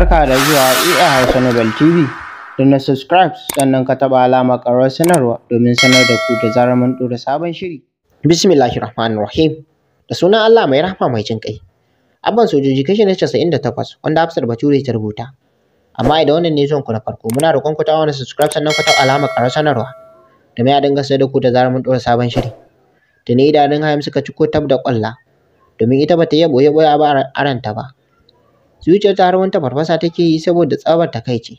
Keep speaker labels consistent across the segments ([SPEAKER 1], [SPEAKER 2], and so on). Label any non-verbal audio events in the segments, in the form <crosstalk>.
[SPEAKER 1] Barka da zuwa EA Hausa Nobel TV. Da na subscribe sannan ka taɓa alama ƙarar sanarwa domin sanar da ku da zarar mun ɗora sabon shiri. rahim Da sunan Allah mai rahama mai jin kai. Abban sojoji kashi na casa'in da takwas wanda Hafsat Bature ta rubuta. Amma idan wannan ne zuwan ku na farko muna roƙon ku ta wani subscribe sannan ku taɓa alama ƙarar sanarwa da a dinga sanar da ku da zarar mun ɗora sabon shiri. Da ni idanun hayam suka ci ko tab da kwalla domin ita ba ta yabo yabo a ba aranta ba. zuciyar ta har wani farfasa take yi saboda tsabar takaici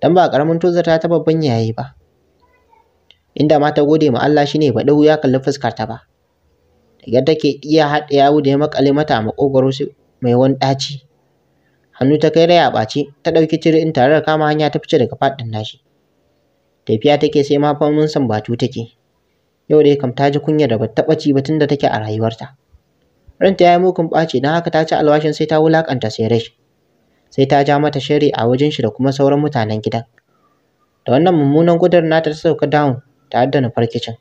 [SPEAKER 1] dan ba karamin tozata ta babban yayi ba inda ma ta gode ma Allah shine ba dahu ya kalli fuskar ta ba daga take iya hada yawo da ya makale mata makogwaro mai wani ɗaci hannu ta kai raya bace ta ɗauki ciri in tare da kama hanya ta fice daga fadin nashi tafiya take sai ma famun san batu take yau dai kam ta ji kunya da bata ci ba tunda take a rayuwarta Ranta ya yi mugun ɓaci don haka ta ci alwashin sai ta wulakanta Suresh. Sai ta ja mata shiri a wajen shi da kuma sauran mutanen gidan. Da wannan mummunan gudar nata ta sauka down tare da nufar kicin.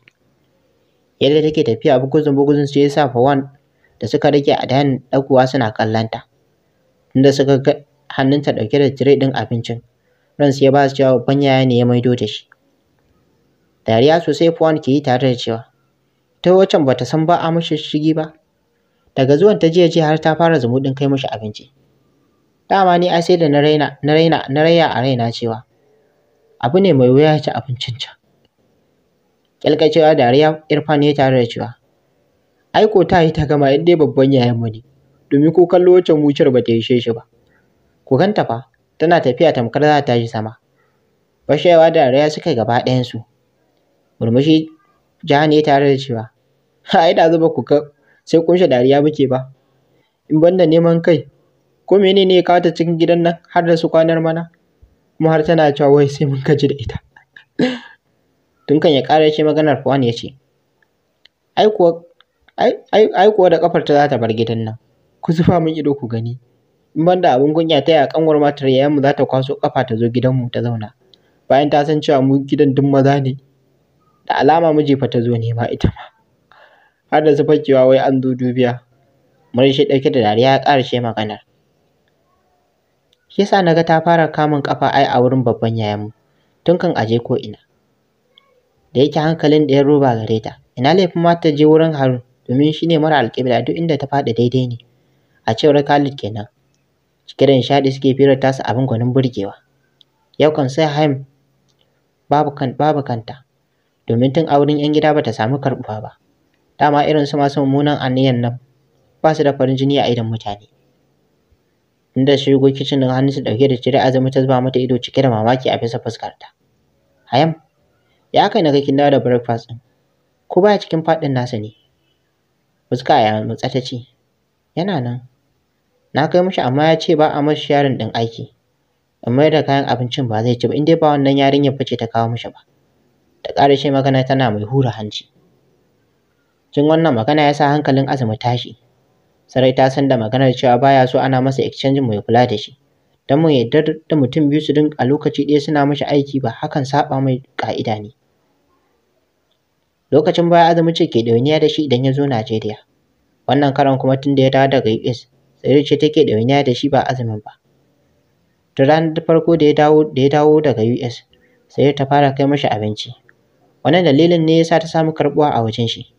[SPEAKER 1] Yadda take tafiya buguzun buguzun sai ya sa Fawan da suka rage a dayan ɗaguwa suna kallanta Inda suka ga hannunta dauke da tire ɗin abincin. Ransu ya ba su cewa babban yaya ne ya maido da shi. Dariya sosai Fawan ke yi tare da cewa ta wacan bata san ba a mashi shigi ba. daga zuwan ta jiya ce har ta fara zumuɗin kai mashi abinci dama ni ai sai da na raina na raina na raya a raina cewa abu ne mai wuya ya ci abincin can kyalkacewa dariya irfan ne tare da cewa ai ko ta yi ta gama yadda babban yayan mu ne domin ko kallo wacce muciyar ba ta ishe shi ba ku ganta fa tana tafiya tamkar za ta ji sama bashewa dariya suka gaba ɗayansu murmushi ne tare da cewa ai da zuba ku sai kunshe dariya muke ba. In banda neman kai, ko mene ya kawo cikin gidan nan har da su kwanar mana? Kuma har tana cewa wai sai mun gaji da ita. <laughs> Tun kan ya ƙara ce maganar Fuwan ya ce, ai kuwa ai kuwa da kafar ta za ta bar gidan nan ku zufa min ido ku gani in banda da abin kunya ta yi ya kanwar matar yayan mu za ta kwaso kafa ta zo gidan mu ta zauna bayan ta san cewa mu gidan duk maza ne da alama miji fa ta zo nema ita ma har da su fakewa wai an zo dubiya shi ɗauke da dariya ya ƙarashe maganar shi yasa na ga ta fara kamun kafa ai a wurin babban yayan mu tun kan aje ko ina da yake hankalin da ya roba gare ta ina laifin ma ta je wurin harun domin shi ne mara alƙibla duk inda ta faɗi daidai ne a cewar khalid kenan cike da nishaɗi suke firar tasu abin gwanin burgewa yau kan sai haim babu, kanta domin tun a wurin 'yan gida bata samu karbuwa ba dama irin su masu mummunan aniyan nan ba su da farin jini a idon mutane inda gokicin kitchen din su dauke da cire azumi ta zuba mata ido cike da mamaki a bisa fuskarta hayam ya kai na ga kin dawo da breakfast din ko baya cikin fadin nasa ne fuska ya mutsa ta ce yana nan na kai mishi amma ya ce ba a mashi sharin din aiki in da kayan abincin ba zai ci ba in dai ba wannan yarinyar fice ta kawo mishi ba Da ƙara magana tana mai hura hanci Jin wannan magana ya sa hankalin Azumi tashi. Sarai ta san da maganar cewa baya so ana masa exchange mai kula da shi. Dan mu yadda da mutum biyu su din a lokaci ɗaya suna mashi aiki ba hakan saba mai ka'ida ne. Lokacin baya Azumi ce ke ɗauniya da shi idan ya zo Najeriya. Wannan karan kuma tun da ya dawo daga US, sai ce take ɗauniya da shi ba Azumin ba. Tun ranar farko da ya dawo da ya dawo daga US, sai ta fara kai mashi abinci. Wannan dalilin ne ya sa ta samu karbuwa a wajen shi.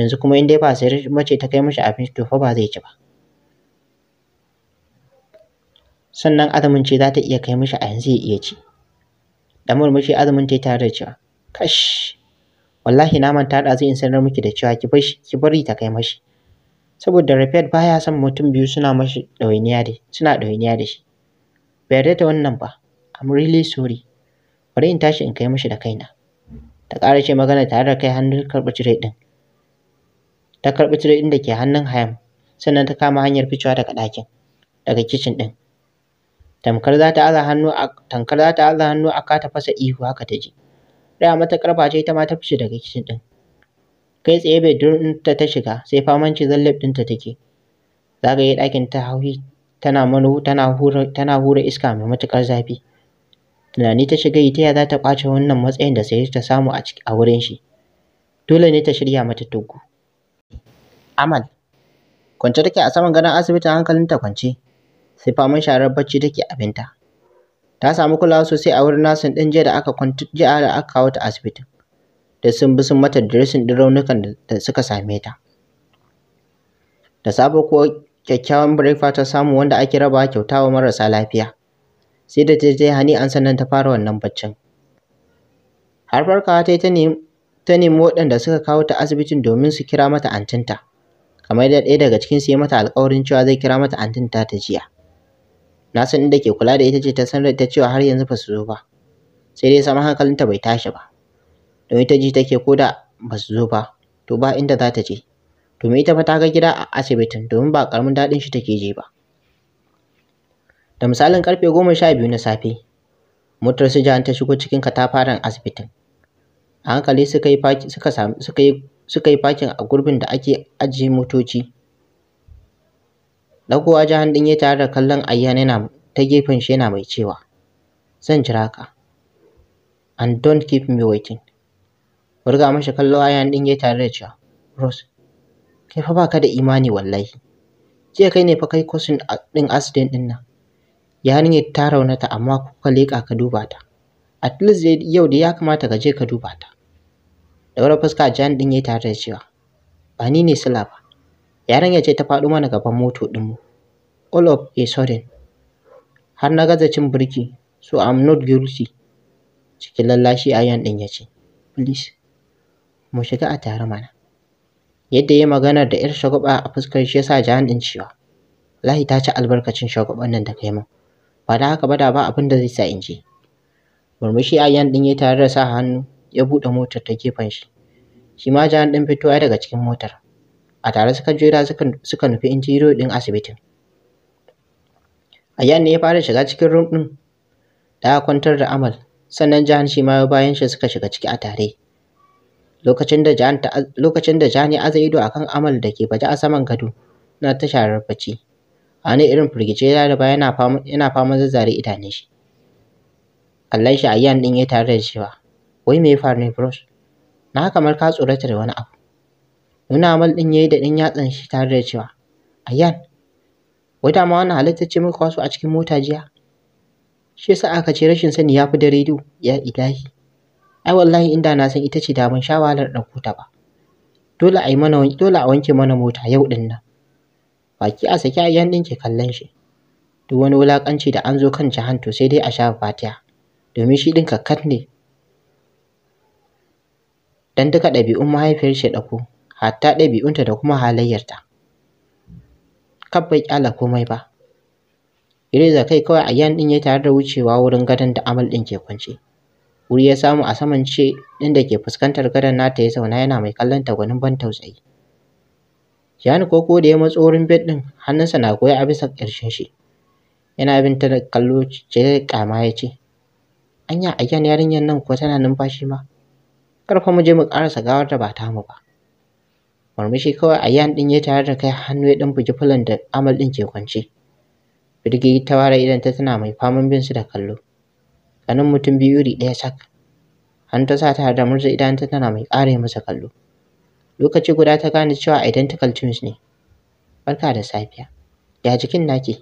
[SPEAKER 1] yanzu kuma in dai ba sai mace ta kai mishi abinci to fa ba zai ci ba sannan azumin ce za ta iya kai mishi a yanzu ya iya ci da murmushi azumin ta tare da cewa kash wallahi na manta da zai in sanar miki da cewa ki bar shi ki bari ta kai mashi saboda Rafet baya son mutum biyu suna mashi dawainiya da suna dawainiya da shi bai yarda da wannan ba I'm really sorry bari in tashi in kai mashi da kaina ta ƙara ce magana tare da kai hannun karɓar cire din ta karɓi tire ɗin da ke hannun Hayam sannan ta kama hanyar ficewa daga ɗakin daga kicin ɗin tamkar za ta aza hannu a tamkar za ta aza hannu a kata fasa ihu haka ta ji raya mata karfa ce ita ma ta fice daga kicin ɗin kai tsaye bai in ta ta shiga sai famanci zallab ta take zagaye ɗakin ta hauhi tana manu tana hura tana hura iska mai matuƙar zafi tunani ta shiga ita ya za ta ƙwace wannan matsayin da sai ta samu a wurin shi dole ne ta shirya mata tuggu Amal. Kwance take a saman gadon asibitin hankalinta kwance, sai faman sharar bacci take abinta. Ta samu kulawa sosai a wurin nasin ɗin jiya da aka jiya da aka kawo ta asibitin. Da sun bi sun mata dressing ɗin raunukan da suka same ta. Da sabo kuwa kyakkyawan breakfast ta samu wanda ake rabawa kyauta wa marasa lafiya. Sai da ta je hani an sannan ta fara wannan baccin. Har farkawa ta yi ta nemi waɗanda suka kawo ta asibitin domin su kira mata antinta. Kamar yadda ɗaya daga cikin su ya mata alƙawarin cewa zai kira mata antin ta ta jiya na san inda ke kula da ita ce ta san ta cewa har yanzu ba su zo ba sai dai sama hankalinta bai tashi ba domin ta ji take ko da ba su zo ba to ba inda za ta je domin ita fa ta ga gida a asibitin domin ba ƙaramin daɗin shi take je ba da misalin ƙarfe goma sha biyu na safe motar su ta shigo cikin katafaren asibitin a hankali suka yi suka yi suka yi fakin a gurbin da ake ajiye motoci. Dagowa Jahan ɗin ya tare da kallon Ayyan yana ta gefen shi yana mai cewa, Zan jira ka, and don't keep me waiting. Burga mashi kallo Ayyan ɗin ya tare da cewa, Rose, kai fa baka da imani wallahi. Jiya kai ne fa kai kosin ɗin accident ɗin nan. Yarinyar ta raunata amma kuka leƙa ka duba ta. At least yau da ya kamata ka je ka duba ta. Daura fuska Jan ɗin yayi tare da cewa ba ni ne sila ba. ya ce ta faɗo mana gaban moto ɗinmu. All of a sudden har na gaza cin birki so I'm not guilty. Cikin lallashi Ayan ɗin ya ce please mu shiga a tare mana. Yadda ya magana da 'yar shagwaba a fuskar shi yasa Jan ɗin cewa lahi ta ci albarkacin shagwaban nan da kai min. Ba da haka ba da ba abin da zai sa in je. Murmushi Ayan ɗin ya tare da sa hannu ya buɗe motar ta gefen shi. shi ma jan ɗin fito ya daga cikin motar a tare suka jera suka nufi injiniyo ɗin asibitin Ayyan ne ya fara shiga cikin rum ɗin da aka kwantar da Amal sannan jihar shi ma bayan shi suka shiga ciki a tare lokacin da Jahan ya aza ido a kan Amal da ke baje a saman gado na ta sharar bacci a wani irin firgice ya da yana fama yana fama zazzare idanun shi kallon shi Ayyan ɗin ya tare da cewa wai me ya faru ne bros na kamar ka tsorata da wani abu nuna amal ɗin yayi da ɗin yatsan shi tare da cewa ayyan wata ma wannan halitta ce muka kwaso a cikin mota jiya shi yasa aka ce rashin sani yafi da rediyo ya ilahi ai wallahi inda na san ita ce da ban sha wahalar ɗauko ta ba dole a mana dole a wanke mana mota yau din nan baki a saki ayyan ɗin ke kallon shi duk wani wulaƙanci da an zo kan jahan to sai dai a sha fatiya domin shi ɗin kakkat ne don duka ɗabi'un mahaifiyar shi ɗauko hatta ɗabi'unta da kuma halayyarta kaf bai ƙyala komai ba Iriza kai kawai a yan ɗin ya tare da wucewa wurin gadon da amal ɗin ke kwance wuri ya samu a saman ce ɗin da ke fuskantar gadon nata ya zauna yana mai kallon ta gwanin ban tausayi Jihani ko da ya matso wurin bed ɗin hannunsa na goya a bisa ƙarshen shi yana bin ta da kallo ce da ƙyama ya ce anya a yarinyar nan kuwa tana numfashi ma karfa mu je mu karasa gawar da ba ta mu ba murmushi kawai ayyan din ya tare da kai hannu ya dan bugi fulan da amal din ke kwance birgi ta ware idan ta tana mai faman bin su da kallo kanin mutum biyu iri daya sak an ta sa ta da murza idan ta tana mai kare masa kallo lokaci guda ta gane cewa identical twins ne barka da safiya ya jikin naki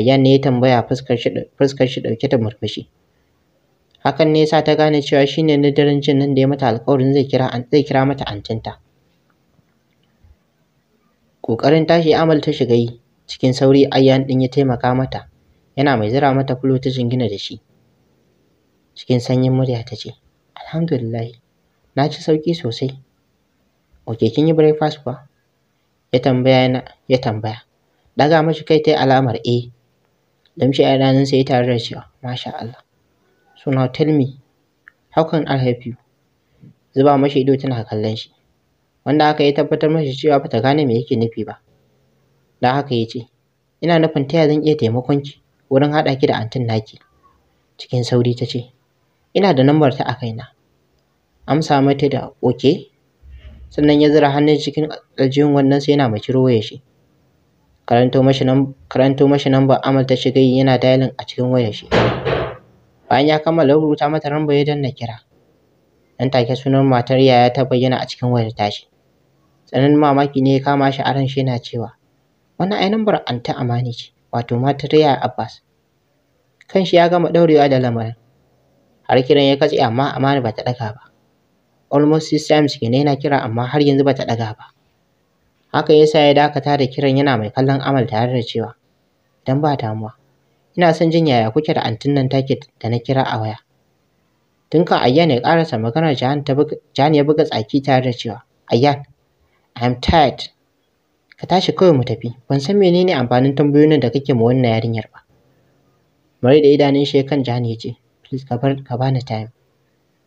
[SPEAKER 1] ayyan ne ya tambaya fuskar shi dauke da murmushi hakan ne yasa ta gane cewa shine na daren jin nan da ya mata alƙawarin zai kira zai kira mata antinta ƙoƙarin tashi amal ta shiga yi cikin sauri ayyan ɗin ya taimaka mata yana mai zira mata kulo ta jingina da shi cikin sanyin murya ta ce alhamdulillah na ci sauƙi sosai oke kin yi breakfast kuwa ya tambaya yana ya tambaya daga mashi kai ta yi alamar eh lamshi a ranar sai tare da cewa masha Allah So now tell me, how can I help you? Zuba mashi ido tana kallon shi, wanda haka ya tabbatar mashi cewa bata gane me yake nufi ba. Da haka ya ce, ina nufin taya zan iya taimakon ki wurin haɗa ki da antin naki. Cikin sauri ta ce, ina da lambar ta a kaina. Amsa mata da oke, sannan ya zura hannun cikin aljihun wannan sai yana mai ciro shi. Karanto mashi lambar Amal ta shiga yana dayalin a cikin wayar shi. Bayan ya kammala rubuta mata lambar ya na kira. Nan take sunan matar yaya ta bayyana a cikin wayar tashi. Tsananin mamaki ne ya kama shi a ran shi yana cewa wannan ai lambar anta amani ce wato matar yaya Abbas. Kanshi ya gama ɗaurewa da lamarin. Har kiran ya katse amma amani ba ta ɗaga ba. Almost six times kenan yana kira amma har yanzu ba ta ɗaga ba. haka yasa ya dakata da kiran yana mai kallon Amal tare da cewa dan ba damuwa ina son jin yaya kuke da antin nan take da na kira a waya tun kan ayyan ya karasa maganar jahan ta buga jahan ya buga tsaki tare da cewa ayyan i'm tired ka tashi kawai mu tafi ban san menene amfanin tambayoyin da kake ma wannan yarinyar ba mare da idanun shi kan jahan ya ce please ka bar ka bani time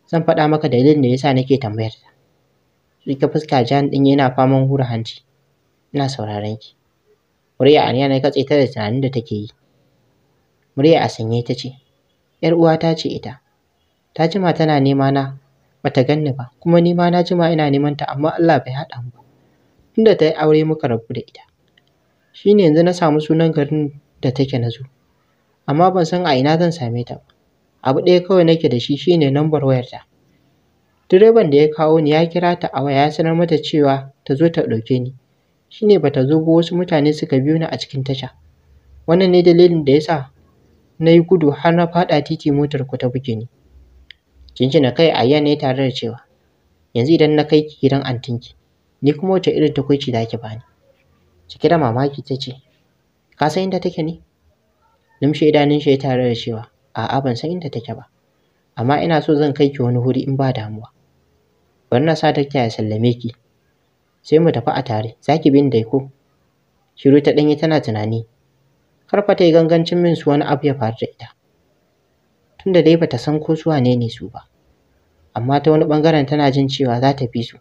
[SPEAKER 1] zan faɗa maka dalilin da yasa nake tambayar ta ka fuska jahan din yana faman hura hanci ina sauraron ki Murya Aniya ne katse ta da tunanin da take yi. Murya a sanye ta ce, ‘yar uwa ta ce ita. Ta jima tana nema na bata ganni ba kuma nima na jima ina neman ta amma Allah bai haɗa mu ba. Tunda ta yi aure muka rabu da ita. Shi ne yanzu na samu sunan garin da take na zo. Amma ban san a ina zan same ta ba. Abu ɗaya kawai nake da shi shine lambar wayarta. Direban da ya kawo ni ya kira ta a waya ya sanar mata cewa ta zo ta ɗauke ni. Shi ne bata zo ba wasu mutane suka biyo ni a cikin tasha. Wannan ne dalilin da ya sa na yi gudu har na faɗa titi motar ku ta buge ni. Jinjina kai a yanayi tare da cewa yanzu idan na kai ki gidan antinki ni kuma wace irin takwaici da ake bani. Cike da mamaki ta ce ka san inda take ne? Numshe idanun shi tare da cewa a'a ban san inda take ba amma ina so zan kai ki wani wuri in ba damuwa. Bari na sa take ya sallame ki sai mu tafi a tare za ki bin dai ko? Shiru ta ɗanyi tana tunani kar fa ta yi gangancin min su wani abu ya faru da ita tunda dai bata san ko su wane ne su ba amma ta wani bangaren tana jin cewa za ta fi su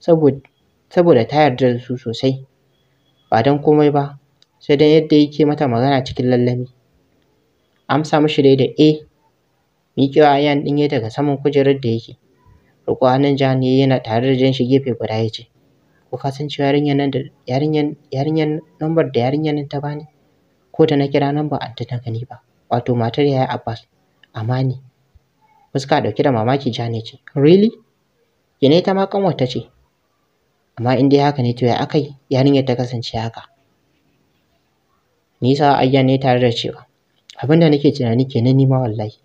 [SPEAKER 1] saboda ta yarda da su sosai ba don komai ba sai don yadda yake mata magana cikin lallami amsa mishi dai da e miƙewa yan ɗinye daga saman kujerar da yake roƙo hannun ne yana tare da jan shi gefe guda ya ce ko ka san cewa yarinyar nan da yarinyar yarinyar nan ta bani ko da na kira ba anti ta gani ba wato matar yaya Abbas Amani fuska dauke da mamaki ja Jane ce really kine ta ma ta ce amma in dai haka ne to ya akai yarinyar ta kasance haka Nisa Ayyan ne tare da cewa abinda nake tunani kenan ma wallahi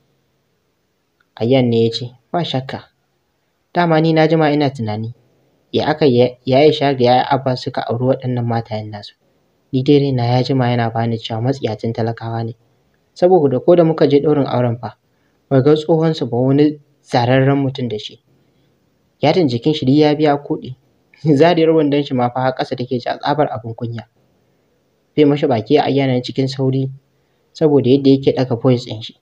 [SPEAKER 1] Ayyan ne ya ce ba shakka dama ni na jima ina tunani ya aka ya Aisha da ya Abbas suka auri waɗannan matayen nasu Ni dai raina ya jima yana bani cewa cin talakawa ne. Saboda ko da muka je ɗaurin auren fa, ba ga tsohonsu ba wani zararren mutum da shi. Yatin jikin shi ya biya kuɗi. Zariyar wandon shi ma fa har ƙasa take ji a tsabar abin kunya. Bai mashi baki a ayyana cikin sauri saboda yadda yake ɗaga voice ɗin shi.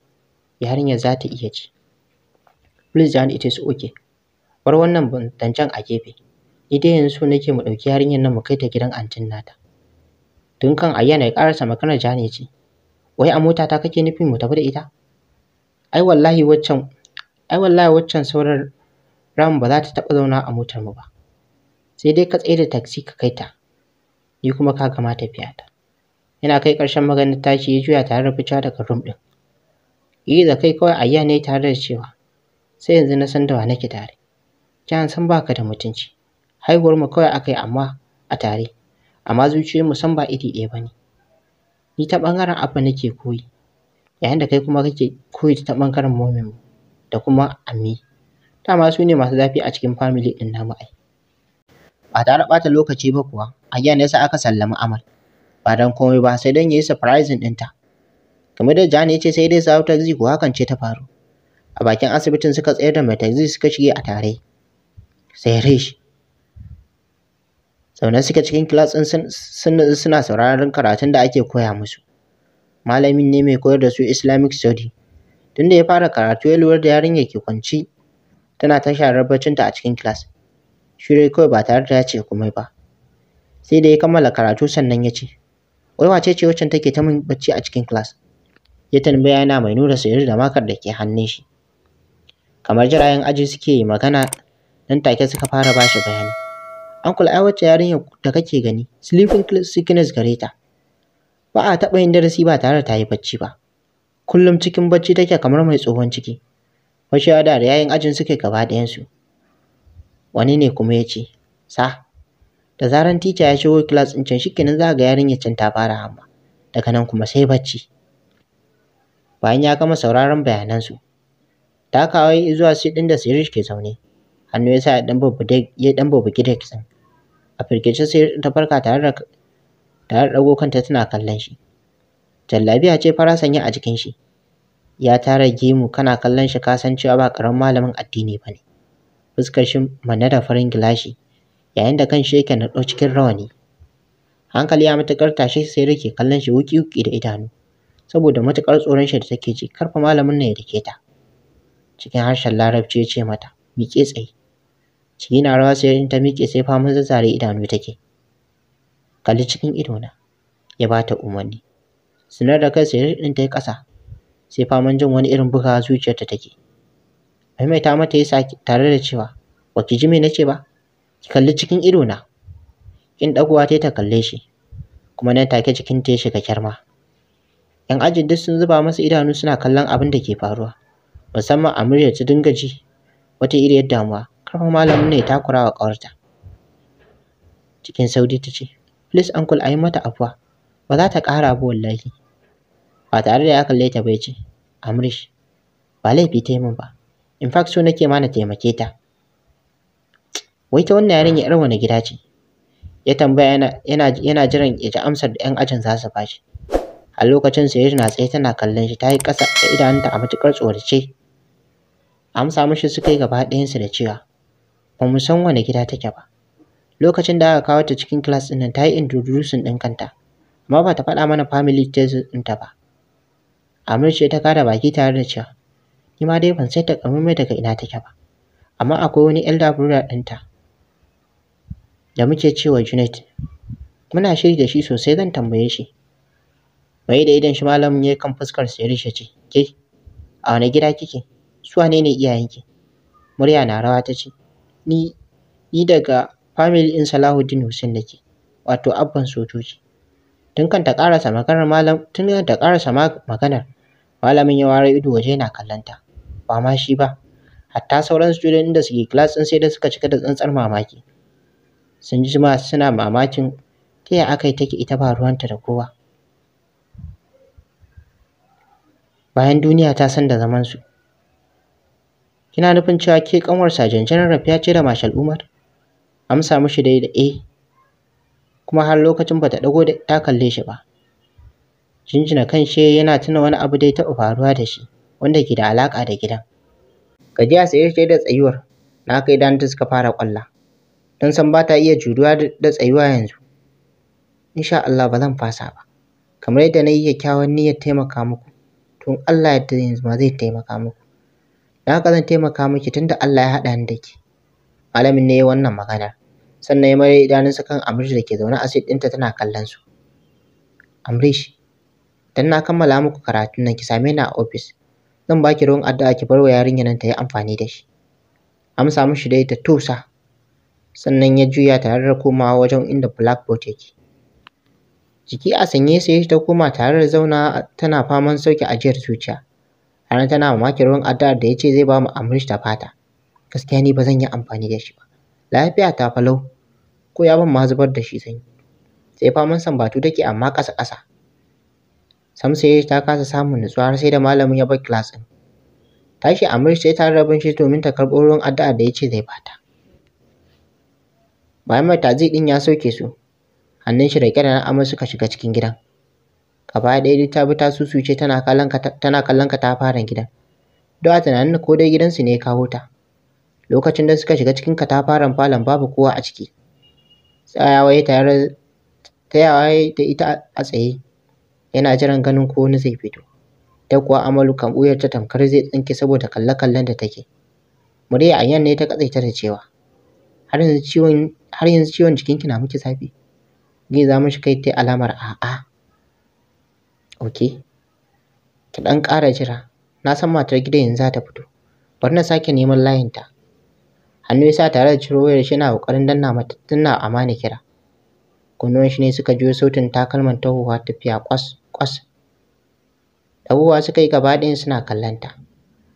[SPEAKER 1] Yarinyar za ta iya ci. Please Jan it is okay. Bar wannan zancen a gefe. Ni dai yanzu so nake mu ɗauki yarinyar nan mu kai ta gidan antin nata. tun kan ayyana ya ƙarasa maganar ja ne ce wai a mota ta kake nufin mu tafi da ita ai wallahi waccan ai wallahi waccan sauran ram ba za ta taɓa zauna a motar mu ba sai dai ka tsaye da taxi ka kai ta ni kuma ka gama tafiya ta yana kai ƙarshen maganar tashi ya juya tare da ficewa daga rum ɗin yi da kai kawai ayya ne tare da cewa sai yanzu na san da wa nake tare Jan san baka da mutunci haihuwar mu kawai akai amma a tare amma mu san ba iri ɗaya ba ne. Ni ta ɓangaren Abba nake koyi, yayin da kai kuma kake koyi ta ɓangaren mu da kuma ammi. Dama su ne masu zafi a cikin family ɗin namu ai. Ba tare ɓata lokaci ba kuwa, a giya ne sa aka sallami Amal. Ba dan komai ba sai don ya yi surprising ɗinta. Kamar da Jani ya ce sai dai hau taxi kuwa hakan ce ta faru. A bakin asibitin suka tsayar da mai taxi suka shige a tare. Sai Rish zaune suke cikin kilas sun suna sauraron karatun da ake koya musu malamin ne mai koyar da su islamic study tunda ya fara karatu ya lura da yarinyar ke kwanci tana ta sharar ta a cikin kilas shirai kawai ba tare da ya ce komai ba sai da ya kammala karatu sannan ya ce wai wace ce wacce take ta min bacci a cikin kilas ya tambaya yana mai nuna sayar da makar da ke hannun shi kamar jirayen aji suke yi magana nan take suka fara bashi bayani Uncle ai wacce yarinyar da kake gani sleeping sickness gare ta. Ba a taɓa yin darasi ba tare da ta yi bacci ba. Kullum cikin bacci take kamar mai tsohon ciki. ya da yayin ajin suke gaba su Wani ne kuma ya ce, sa, da zaran tica ya shigo kilas din can shikenan za ga yarinyar can ta fara amma. Daga nan kuma sai bacci. Bayan ya gama sauraron bayanansu, ta kawai zuwa sit ɗin da Sirish ke zaune. Hannu ya sa ya ɗan bubbuge ya a firgice sai ta farka tare da tare da dago kanta tana kallon shi jallabiya ce fara sanya a jikin shi ya tara gemu kana kallon shi ka san cewa ba karamin malamin addini ba ne fuskar shi manne da farin gilashi yayin da kan shi yake naɗo cikin rawani hankali ya matuƙar tashi sai rike kallon shi wuki-wuki da idanu saboda matuƙar tsoron shi da take ji karfa malamin ne ya dake ta cikin harshen larabci ya ce mata miƙe tsaye Ciki na rawa sai in ta miƙe sai faman zazzare idanu take. Kalli cikin idona. Ya ba ta umarni. Sinar da kai sai din ta yi ƙasa. Sai faman jin wani irin buga zuciyarta take. Maimaita mata ya sake tare da cewa ba ki ji me nace ba. Ki kalli cikin idona. Kin ɗaguwa ta kalle shi. Kuma nan take cikin ta ya shiga kyarma. 'Yan ajin duk sun zuba masa idanu suna kallon abin da ke faruwa. Musamman a muryar ta dinga ji wata iriyar damuwa. Kar fa malamin ne ya takura wa ƙawarta. Cikin sauri ta ce, Please uncle a yi mata afuwa, ba za ta ƙara ba wallahi. Ba tare da ya kalle ta ba ya ce, Amrish, ba laifi ta yi min ba. In fact so nake ma na taimake ta. Wai ta wannan yarinya 'yar wani gida ce? ya tambaya yana, jiran ya ji amsar da 'yan ajin za su bashi. A lokacin Sayyidu na tsaye tana kallon shi ta yi ƙasa da idanunta a matuƙar tsorace. Amsa mishi suka yi gaba ɗayansu da cewa ba mu san wani gida take ba lokacin da aka kawo ta cikin class din nan ta yi introducing din kanta amma ba ta faɗa mana family test ɗinta ba Amir ce ta kada baki tare da cewa ni ma dai ban sai ta mai daga ina take ba amma akwai wani elder brother ɗinta da muke cewa Junet muna shiri da shi sosai zan tambaye shi mai da idan shi malamin ya kan fuskar sai ya ce ke a wani gida kike su wane ne iyayenki murya na rawa ta ce ni, ni daga family ɗin Salahuddin Hussein nake, wato abban sojoji. Tun kan ta ƙarasa maganar malam, tun kan ta ƙarasa maganar, malamin ya ware ido waje yana kallonta. Ba ma shi ba, hatta sauran student da suke class ɗin sai da suka cika da tsantsar mamaki. Sun ji ma suna mamakin ta ya aka yi take ita ba ruwanta da kowa. Bayan duniya ta san da zaman su Kina nufin cewa ke ƙanwar Sajan Janar ya ce da Mashal Umar? Amsa mishi dai da eh. Kuma har lokacin bata dago da ta kalle shi ba. Jinjina kan she yana tuna wani abu dai taɓa faruwa da shi wanda ke da alaƙa da gidan. Gajiya sai shi da tsayuwar na kai ta suka fara kwalla Don san bata iya juriya da tsayuwa yanzu. Insha Allah ba zan fasa ba. Kamar yadda na yi kyakkyawan niyyar taimaka muku, tun Allah ya yarda yanzu ma zai taimaka muku. Da haka zan taimaka miki tunda Allah ya haɗa ni da ke. Malamin ne ya wannan magana. Sannan ya mare idanunsa kan Amrish da ke zaune a seat ɗinta tana kallon su. Amrish, dan na kammala muku karatun nan ki same ni a ofis. Zan baki ruwan addu'a ki bar wa yarinya nan ta yi amfani da shi. Amsa mishi dai ta tusa. Sannan ya juya tare da komawa wajen inda blackboard yake. Jiki a sanye sai ta koma tare da zauna tana faman sauke ajiyar zuciya. a ran tana mamakin ruwan addu'ar da ya ce zai ba mu amrish da fata gaskiya ni ba zan yi amfani da shi ba lafiya ta falau ko ya ban ma zubar da shi sanyi? yi sai faman batu take amma ƙasa ƙasa samsaye ta kasa samun nutsuwa har sai da malamin ya bar kilas. ɗin tashi amrish sai ta rabin shi domin ta karɓo ruwan addu'ar da ya ce zai bata bayan mai tazi ɗin ya sauke su hannun shi da na amur suka shiga cikin gidan gaba ɗaya duk ta bi ta susuce tana kallon ka tana kallon ka ta fara gidan don a tunanin ko dai gidansu ne ya kawo ta lokacin da suka shiga cikin katafaren falon babu kowa a ciki tsayawa ya tayar tayawa da ita a tsaye yana jiran ganin ko wani zai fito ta kuwa amalu kan ɓuyar ta tamkar zai tsinke saboda kalle-kallen da take murya yan ne ta katsaita da cewa har yanzu ciwon har yanzu ciwon jikinki na miki zafi mu shi kai ta alamar a'a ok ki ɗan ƙara jira na san matar gidan yanzu za ta fito bari na sake neman layin ta hannu ya sa tare da ciro wayar shi yana ƙoƙarin danna mata danna amana kira kunnuwan shi ne suka jiyo sautin takalman tahowa tafiya kwas kwas Abubuwa suka yi gaba ɗayan suna kallonta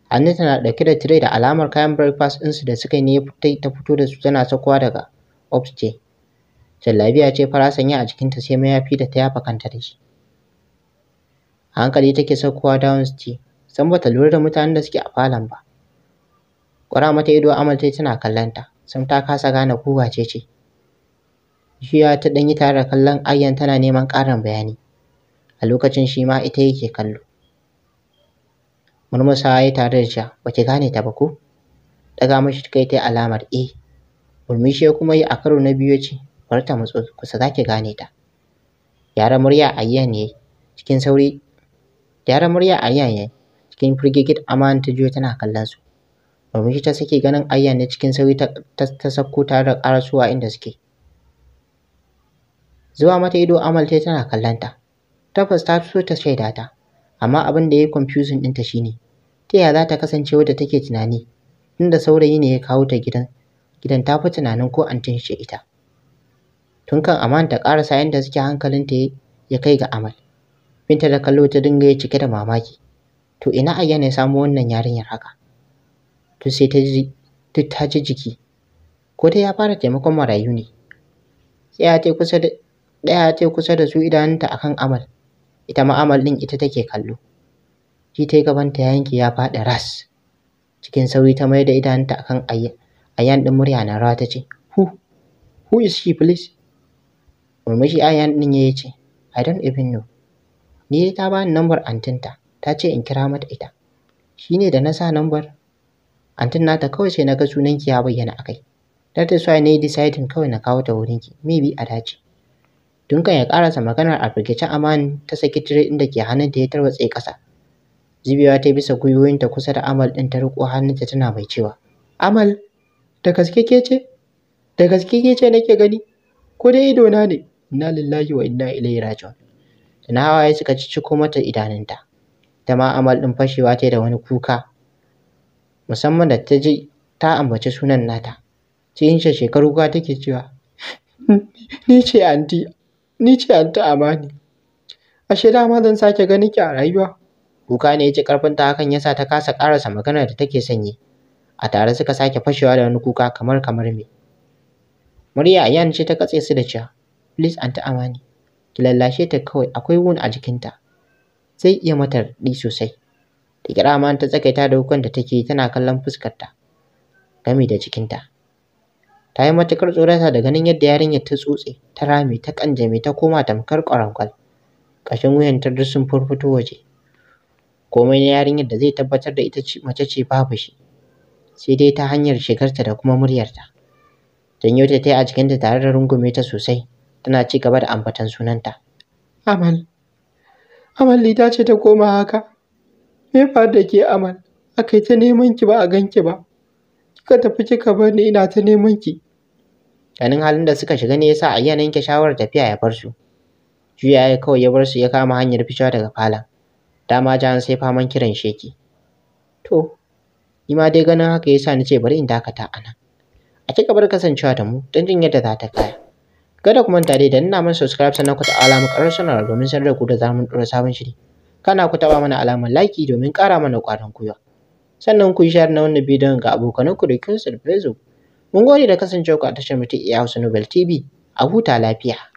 [SPEAKER 1] Hannu na ɗauke da tire da alamar kayan breakfast ɗinsu da suka yi ne ta fito da su tana sakowa daga ce. jallabiya ce fara sanya a jikinta sai mayafi da ta yafa kanta da shi a hankali take saukowa downstairs san bata lura da mutanen da suke a falon ba ƙwara mata ido amal tai tana kallonta sam ta kasa gane ko wace ce jiya ta ɗanyi tare da kallon ayyan tana neman ƙarin bayani a lokacin shi ma ita yake kallo murmusa ya tare da jiya baki gane ta ba ko daga mashi kai ta alamar eh murmushi ya kuma yi a karo na biyu ce bar ta mutsu kusa zaki gane ta yara murya ayyan ne cikin sauri Gyaran murya a ya cikin firgigit Aman ta juyo tana kallon su. shi ta sake ganin ayyan ne cikin sauri ta, ta, tare da ƙarasuwa inda suke. Zuwa mata ido Amal ta tana kallon ta. Tabbas ta so ta shaida ta, amma abin da ya yi confusing ɗinta ne. ta yaya za ta kasance wadda take tunani tunda saurayi ne ya kawo ta gidan gidan ta fi tunanin ko an tunshe ita. Tun kan Aman ta ƙarasa yadda suke hankalin ta ya kai ga Amal. Binta da kallo ta dinga yi cike da mamaki. To ina Ayya ne samu wannan yarinyar haka? To sai ta ji duk ta ji jiki. Ko dai ya fara taimakon marayu ne. Tsaya ta kusa da ta kusa da su idanunta akan Amal. Ita ma Amal ɗin ita take kallo. Ji ta gabanta ya yanke ya faɗi ras. Cikin sauri ta mai da idanunta akan Ayyan. Ayan ɗin murya na rawa ta ce, Who? is she please? Murmushi ayan ɗin ya ce, I don't even know. Ni dai ta bani nambar antinta, ta ce in kira mata ita. Shi ne da na sa nambar antin nata kawai sai na ga sunanki ya bayyana a kai. That is why na yi deciding kawai na kawo ta wurinki, maybe a dace. Tun kan ya karasa maganar a firgice Aman ta saki tire inda ke hannun ta ya tarwatse kasa Zibiya ta bisa gwiwoyin ta kusa da Amal ɗin ta riko hannun ta tana mai cewa, Amal, da gaske ke ce? Da gaske ke ce nake gani? Ko dai idona ne? Inna lillahi wa inna ilaihi raji'un. na hawaye suka cicciko mata idanunta ita ma amal ɗin fashewa ta da wani kuka musamman da ta ji ta ambaci sunan nata cikin shekaru kuka take cewa hmm, ni ce anti ni ce anti amani ashe ma zan sake ganin ki a rayuwa kuka ne ya ci ƙarfinta hakan yasa ta kasa ƙarasa maganar da take sanye a tare suka sake fashewa da wani kuka kamar kamar me murya yan ce ta katse su da cewa please anti amani ki lallashe ta kawai akwai wuni a jikinta zai iya mata raɗi sosai da a ta tsakaita da hukun da take tana kallon fuskarta gami da jikinta ta yi matukar tsorata da ganin yadda yarinyar ta tsotse ta rame ta kanjame ta koma tamkar ƙwarankwal ƙashin wuyan ta duk sun furfuto waje komai na yarinyar da zai tabbatar da ita mace ce babu shi sai dai ta hanyar shigarta da kuma muryarta janyo ta ta yi a jikinta tare da rungume ta sosai tana ci gaba da ambatan sunanta. Amal, Amal lita ce ta koma haka, me faru da ke Amal, aka yi ta neman ki ba a gan ki ba, kika tafi kika bar ni ina ta neman ki. Ganin halin da suka shiga ne yasa Ayyan yanke shawarar tafiya ya bar su. Juya ya kawai ya bar su ya kama hanyar ficewa daga falon. Dama jan sai faman kiran sheki. To, ni ma dai ganin haka yasa ni ce bari in dakata a nan. A ki bar kasancewa da mu don jin yadda za ta kaya. kada ku manta dai da nuna mana subscribe sannan ku ta alamar karar sanarwa domin sanar da ku da zamun ɗora sabon shiri kana ku taɓa mana alamar like domin ƙara mana ƙwarin gwiwa sannan ku yi share na wannan bidiyon ga abokananku da kinsu da Facebook mun gode da kasancewa ku a tashar mutum iya Hausa Nobel TV a huta lafiya